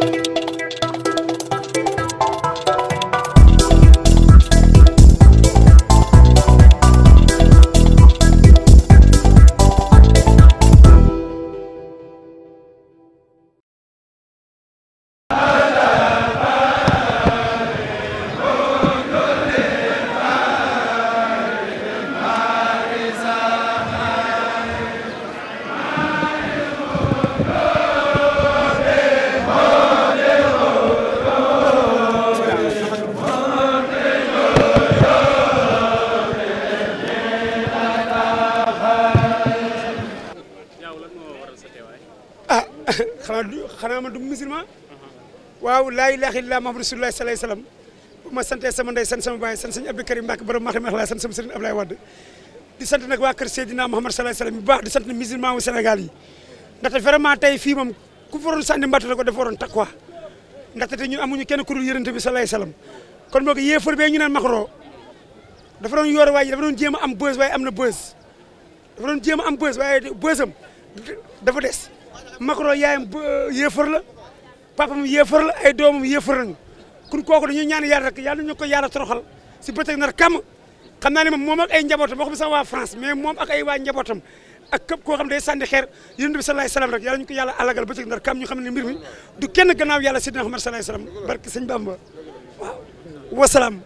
thank you ah xanaa du xanaa man du musulman waaw laa ilaaha illallaah Muhammad rasulullaah sallallaahu alayhi wa ma santee sama ndey sant sama baay sant sëñ Abdou Karim Mbacke borom maxrim axlaa sant sama sëriñ Ablaye Wade di sant nag waa kër Seydina Muhammad sallallaahu alayhi wa sallam baax di sant musulman wu Sénégal yi ndaxte vraiment tey fii moom ku fa waroon sànni mbatt la ko dafa waroon takk quoi ndaxte te ñun amuñu kenn ku dul yërënte bi sallallaahu alayhi wa sallam kon boog yéefar bee ñu naan Macron dafa doon yor waaye dafa doon a am a dafa des Macron yaayam euh, yéefar la papam yéefar ay ay doomam yéefar lañu kun kooku dañuy ñaan yàlla rek yàlla nañu ko yàlla toroxal si bëccëg nar kam xam naa ne moom moom ak ay njabootam waxuma sax waa mais moom ak ay waa njabootam ak képp koo xam day sànni xeer yonent bi salaay salaam rek yàlla ñu ko yàlla alagal bëccëg nar kam ñu xam ne mbir mi du kenn gannaaw yàlla sidina Muhammad salaay salaam barke sëñ Bamba waaw wasalaam